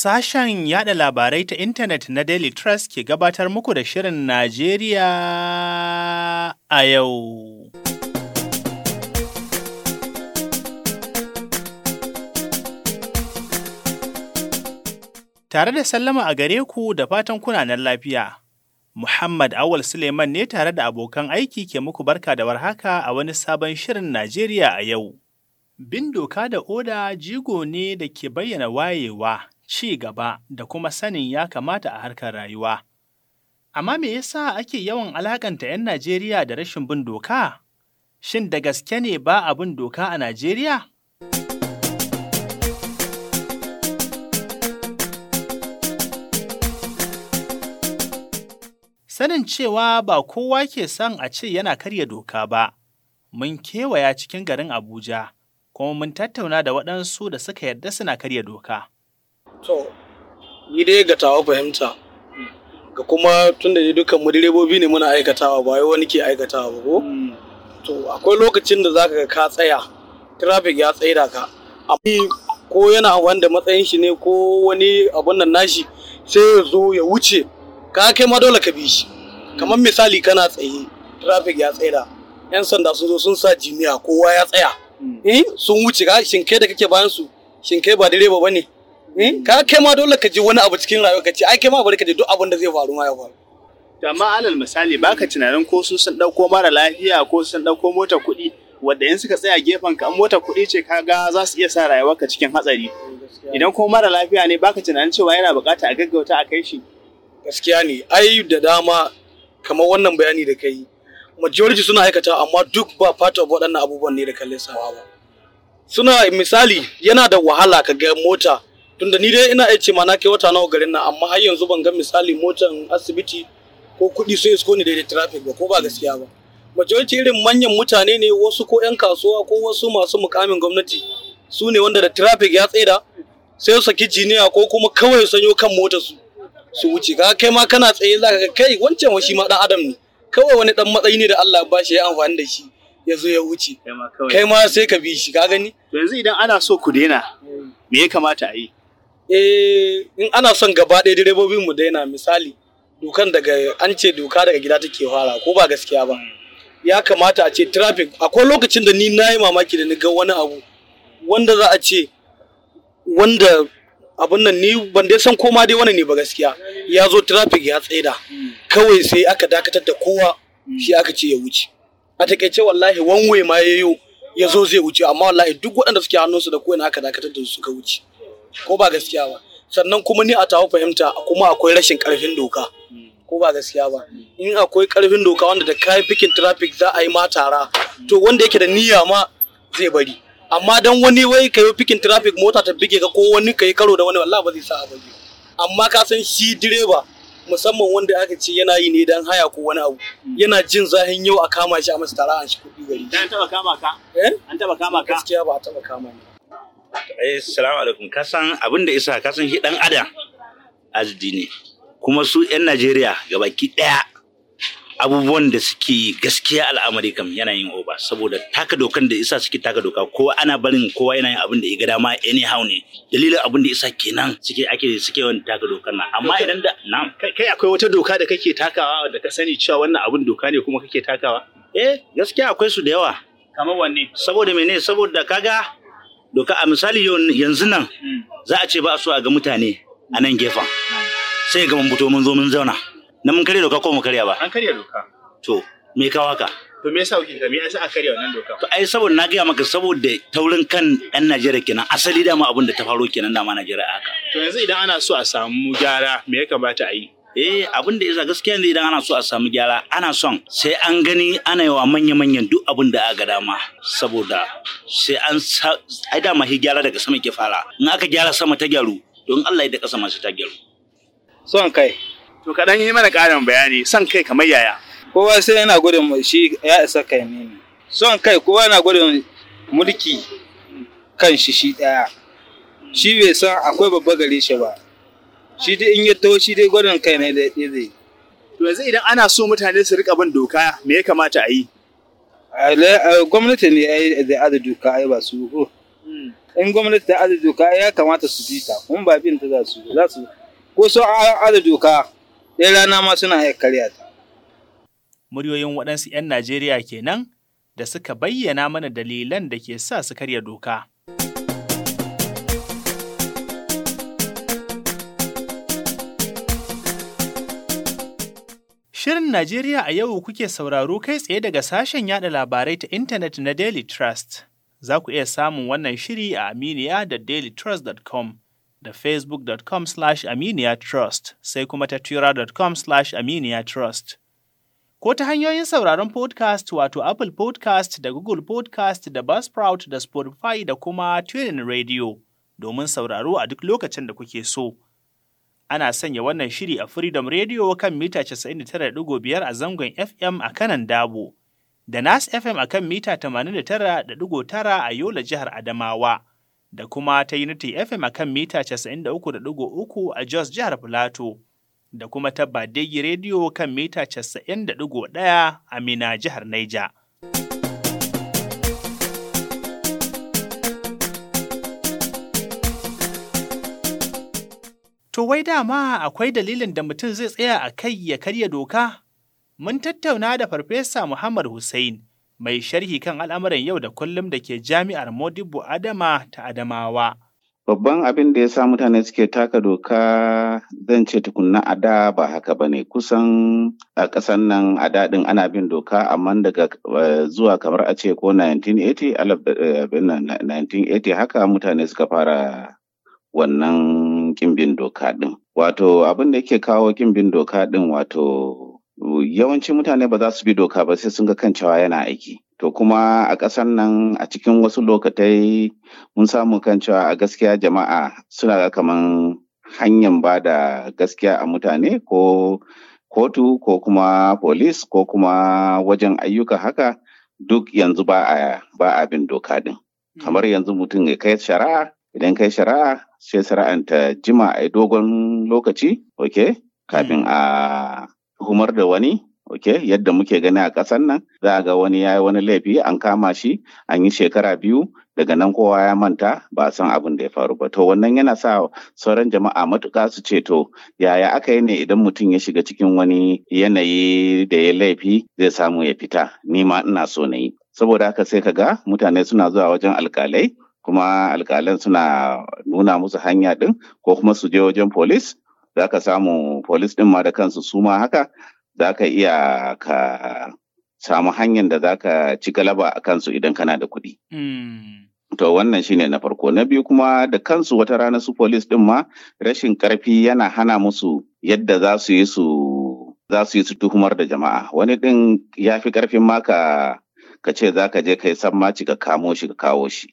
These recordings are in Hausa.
Sashen yada labarai ta intanet na Daily Trust ke gabatar muku da Shirin Najeriya a yau. Tare da sallama a gare ku da fatan kunanan lafiya. Muhammad Awal Suleiman ne tare da abokan aiki ke muku barka da warhaka a wani sabon Shirin Najeriya a yau. Bin doka da oda jigo ne da ke bayyana wayewa ci gaba da kuma sanin ya kamata a harkar rayuwa. Amma me yasa ake yawan alakanta 'yan Najeriya da rashin bin doka? Shin da gaske ne ba abin doka a Najeriya? Sanin cewa ba kowa ke son a ce yana karya doka ba, mun kewaya cikin garin Abuja, kuma mun tattauna da waɗansu da suka yarda suna karya doka. to ni dai ga tawa fahimta ga kuma tun da dukkan mu direbobi ne muna aikatawa ba wai wani ke aikatawa ba ko mm. to akwai lokacin da zaka ga ka tsaya traffic ya tsaida ka amma ko yana wanda matsayin shi ne ko wani abun nan nashi sai ya zo ya wuce ka kai ma dole ka bi shi kamar mm. misali kana tsaye traffic ya tsaida yan sanda sun zo sun sa jiniya kowa ya tsaya mm. eh sun wuce ka shin kai da kake bayan su shin kai ba direba bane Hmm? ka kai ma dole ka ji wani abu cikin rayuwa ka ce ai kai ma bari ka ji duk abin da zai faru ma ya faru amma alal misali baka tunanin ko su sun dauko mara lafiya ko sun dauko mota kuɗi wanda in suka tsaya gefen ka mota kuɗi ce kaga za su iya sa ka cikin hatsari idan kuma mara lafiya ne baka tunanin cewa yana bukata a gaggauta a kai shi gaskiya ne ai da dama kamar wannan bayani da kai majority suna aikata amma duk ba fata waɗannan abubuwan ne da kallon sawa ba suna misali yana da wahala ka ga mota tunda ni dai ina ce ma na kai wata nawa garin nan amma har yanzu ban ga misali motan asibiti ko kuɗi sun isko ni daidai traffic ba ko ba gaskiya ba majority irin manyan mutane ne wasu ko 'yan kasuwa ko wasu masu mukamin gwamnati su ne wanda da traffic ya tsaida sai su saki jiniya ko kuma kawai sanyo kan motar su su wuce ka kai ma kana tsaye za ka kai wancan shi ma dan adam ne kawai wani dan matsayi ne da Allah ba shi ya amfani da shi ya zo ya wuce kai ma sai ka bi shi ka gani yanzu idan ana so ku daina me ya kamata a yi eh in ana son gaba ɗaya direbobin mu daina misali dokan daga an ce doka daga gida take fara ko ba gaskiya ba ya kamata a ce traffic akwai lokacin da ni na yi mamaki da ni ga wani abu wanda za a ce wanda abun nan ni ban dai san koma dai wani ne ba gaskiya ya zo traffic ya tsaida kawai sai aka dakatar da kowa shi aka ce ya wuce a takaice wallahi wanwe ma yayo ya zo zai wuce amma wallahi duk waɗanda suke hannunsu da kowane aka dakatar da su suka wuce ko ba gaskiya ba sannan kuma ni a tawo fahimta kuma akwai rashin karfin doka ko ba gaskiya ba in akwai karfin doka wanda da kai fikin traffic za a yi ma tara to wanda yake da niyya ma zai bari amma dan wani wai ka yi fikin traffic mota ta bige ka ko wani ka yi karo da wani wallahi ba zai sa a amma ka san shi direba musamman wanda aka ce yana yi ne dan haya ko wani abu yana jin zahin yau a kama shi a masa tara an shi kuɗi gari dan taba kama ka eh? an taba kama ka gaskiya ba a taba kama ni Assalamu eh, alaikum ka san abin da isa ka san shi dan adam azdi ne kuma su yan Najeriya gabaki daya abubuwan da suke gaskiya al'amari kam yana yin oba saboda taka dokan da isa suke taka doka kowa ana barin kowa yana yin abin da ya ga dama anyhow ne dalilin abin da isa kenan suke ake suke wani taka dokan nan amma idan da na kai akwai wata doka da kake takawa da ka sani cewa wannan abin doka ne kuma kake takawa eh gaskiya akwai su da yawa kamar wanne saboda mene saboda kaga doka a misali yanzu nan za a ce ba su so a ga mutane a nan gefen sai ga mambuto mun zo mun zauna na mun karya doka ko mu karya ba an karya doka to me ka waka to me yasa kuke ka me yasa aka karya wannan doka to ai saboda na gaya maka saboda taurin kan ɗan Najeriya kenan asali dama abin da ta faro kenan ma Najeriya aka. to yanzu idan ana so a samu gyara me ya kamata a yi eh abin da isa gaskiya ne idan ana so a samu gyara ana son sai an gani ana yawa manya-manyan duk abin da aka dama saboda sai an ai dama shi gyara daga sama ke fara in aka gyara sama ta gyaru don Allah ya da kasa masu ta gyaru son kai to kaɗan yi mana ƙarin bayani son kai kamar yaya kowa sai yana gudun shi ya isa kai ne son kai kowa yana gudun mulki kan shi shi ɗaya shi bai san akwai babba gare shi ba shi dai in ya taho shi dai gwadon kai ne da zai to yanzu idan ana so mutane su rika bin doka me ya kamata a yi gwamnati ne ya yi da ada doka ai ba su ko oh. hmm. in gwamnati ta ada doka ya kamata su bi ta kuma ba bin ta za su za su ko so ada doka ɗaya rana ma suna iya karya ta muryoyin waɗansu 'yan Najeriya kenan da suka bayyana mana dalilan da ke sa su karya doka. Shirin Najeriya a yau kuke sauraro kai tsaye daga sashen yada labarai ta intanet na Daily Trust. Za ku iya samun wannan shiri a Aminiya da dailytrust.com da facebook.com slash aminiya trust sai kuma ta twitter.com slash aminiya trust. Ko ta hanyoyin sauraron podcast wato Apple podcast da Google podcast da Buzzsprout da Spotify da kuma Tuning Radio domin sauraro a duk lokacin da kuke so. ana sanya wannan shiri a Freedom Radio kan mita 99.5 a zangon FM a kanan Dabo, da Nas FM a kan mita 89.9 a Yola jihar Adamawa, da kuma ta Unity FM a kan mita 93.3 a Jos jihar Filato, da kuma ta Badegi Radio kan mita 91.1 a Mina jihar Niger. To wai dama akwai dalilin da mutum zai tsaya a kai ya karya doka? Mun tattauna da Farfesa Muhammad Hussein, mai sharhi kan al'amuran yau da kullum da ke Jami'ar Modibo Adama ta Adamawa. Babban abin da ya sa mutane suke taka doka zan ce tukunna a da ba haka ba ne kusan a ƙasan nan a daɗin ana bin doka amma daga eh, zuwa kamar a ce ko 1980 eh, haka mutane suka fara wannan kimbin doka ɗin. Wato abin da yake kawo kimbin doka ɗin wato yawancin mutane ba za su bi doka ba sai sun ga kan cewa yana aiki. To kuma a ƙasar nan a cikin wasu lokatai mun samu kan cewa a gaskiya jama'a suna ga kaman hanyar ba da gaskiya a mutane ko kotu ko kuma polis ko kuma wajen ayyuka haka duk yanzu ba a bin doka ɗin. Kamar mm. yanzu mutum ya kai shari'a idan kai shari'a sai shari'an ta jima a dogon lokaci ok kafin hmm. a humar da wani ok yadda muke gani a ƙasar nan za a ga wani ya yi wani laifi an kama shi an yi shekara biyu daga nan kowa ya manta ba a san abin da ya faru ba to wannan yana sa sauran jama'a matuƙa su ce to yaya aka yi ne idan mutum ya shiga cikin wani yanayi da ya laifi zai samu ya fita ni ma ina so na yi saboda haka sai ka ga mutane suna zuwa wajen alƙalai kuma alkalan suna nuna musu hanya ɗin ko kuma su je wajen polis za ka samu polis ɗin ma da kansu su ma haka za ka iya ka samu hanyar da za ka ci galaba a kansu idan kana da kuɗi. Hmm. To wannan shine na farko. Na biyu kuma da kansu wata rana su polis ɗin ma rashin ƙarfi yana hana musu yadda za su yi su za su yi su tuhumar da jama'a. Wani ɗin ya fi ƙarfin ma ka ce za ka je ka yi sammaci ka kamo shi ka kawo shi.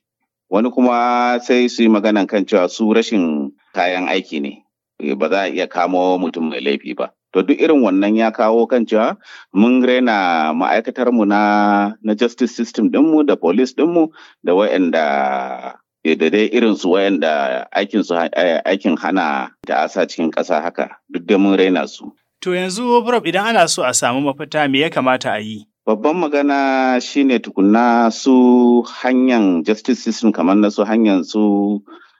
wani kuma sai su yi maganan kan cewa su rashin kayan aiki ne eh, ba za a iya kamo mutum mai laifi ba to duk irin wannan ya kawo kan cewa mun raina ma'aikatar mu na na justice system dinmu da police dinmu da wayanda eh, da dai irin su wayanda aikin su eh, aikin hana ta'asa cikin ƙasa haka duk da mun raina su to yanzu prof idan ana so a samu mafita me ya kamata a yi babban magana shine tukunna su hanyar justice system kamar na su hanyar su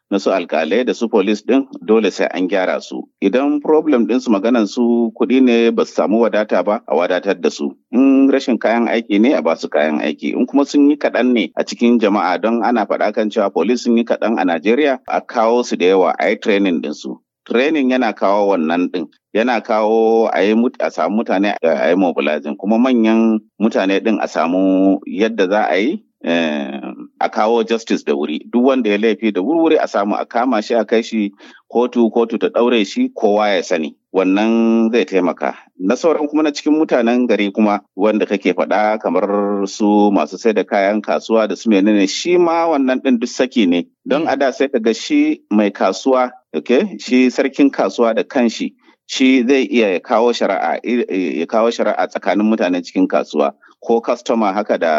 na su alkalai da su police din dole sai an gyara su idan problem din su maganan su kuɗi ne ba su samu wadata ba a wadatar da su in rashin kayan aiki ne a basu kayan aiki in kuma sun yi kaɗan ne a cikin jama'a don ana faɗa kan cewa police sun yi kaɗan a najeriya a kawo su da yawa a yi training din su Trenin yana kawo wannan ɗin yana kawo a yi a samu mutane a yi mobilizing kuma manyan mutane din a samu yadda za a yi eh, a kawo justice da wuri duk wanda ya laifi da wuri-wuri a samu a kama shi a kai shi kotu kotu ta ɗaure shi kowa ya sani wannan zai taimaka na sauran kuma na cikin mutanen gari kuma wanda kake faɗa kamar su masu sai da kayan kasuwa da su menene shi ma wannan ɗin duk saki ne don a da sai ka ga shi mai kasuwa Ok, shi sarkin kasuwa da kanshi shi zai iya ya kawo shari'a tsakanin mutanen cikin kasuwa ko kastoma haka da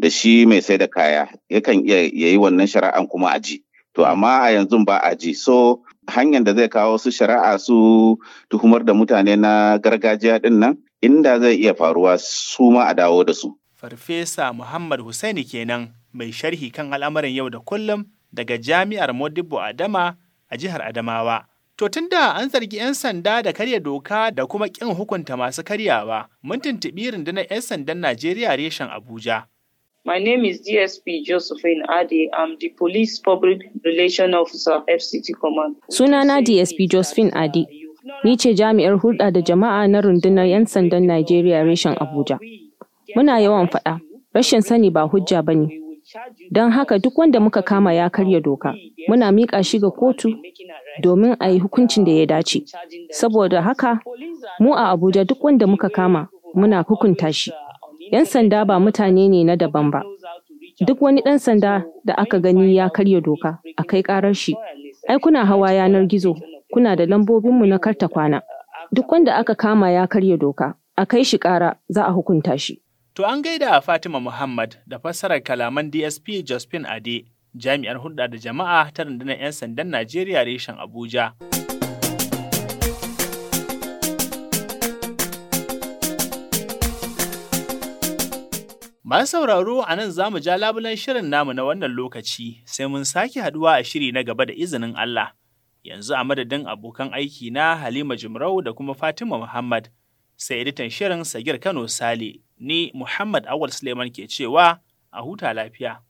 da shi mai sai da kaya yakan iya yi wannan shari'an kuma a ji to amma a yanzu ba a ji so hanyar da zai kawo su shari'a su tuhumar da mutane na gargajiya din nan inda zai iya faruwa su ma a dawo da su farfesa muhammad husaini kenan mai sharhi kan al'amarin yau da kullum daga jami'ar modibo adama a jihar Adamawa. To tun da an zargi 'yan sanda da karya doka da kuma ƙin hukunta masu karyawa, mun tuntuɓi rundunar 'yan sandan Najeriya reshen Abuja. My name is DSP Josephine Ade. I'm the Police Public Relation Officer, FCT Command. Sunana DSP Josephine Ade. Ni ce jami'ar hulɗa da jama'a na rundunar 'yan sandan Najeriya reshen Abuja. Muna yawan faɗa, rashin sani ba hujja ba ne. Don haka duk wanda muka kama ya karya doka, muna miƙa shi ga kotu domin a yi hukuncin da ya dace. Saboda haka, mu a Abuja duk wanda muka kama muna hukunta shi. 'Yan sanda ba mutane ne na daban ba. Duk wani ɗan sanda da aka gani ya karya doka, a kai ƙarar shi. Ai kuna hawa yanar gizo, kuna da lambobinmu na karta kwana. Duk wanda aka kama ya karya doka, a kai shi ƙara za a hukunta shi. To an gaida a Fatima Muhammad da fassarar kalaman DSP Josephine Ade, jami'ar hulɗa da jama'a ta rundunar 'yan sandan Najeriya reshen Abuja. Masu sauraro a nan za mu ja labulan shirin namu na wannan lokaci sai mun sake haduwa a shiri na gaba da izinin Allah. Yanzu a madadin abokan aiki na Halima Jumrau da kuma Fatima Muhammad, sai editan shirin Sagir Kano Sale ni Muhammad Awal Suleiman ke cewa a huta lafiya.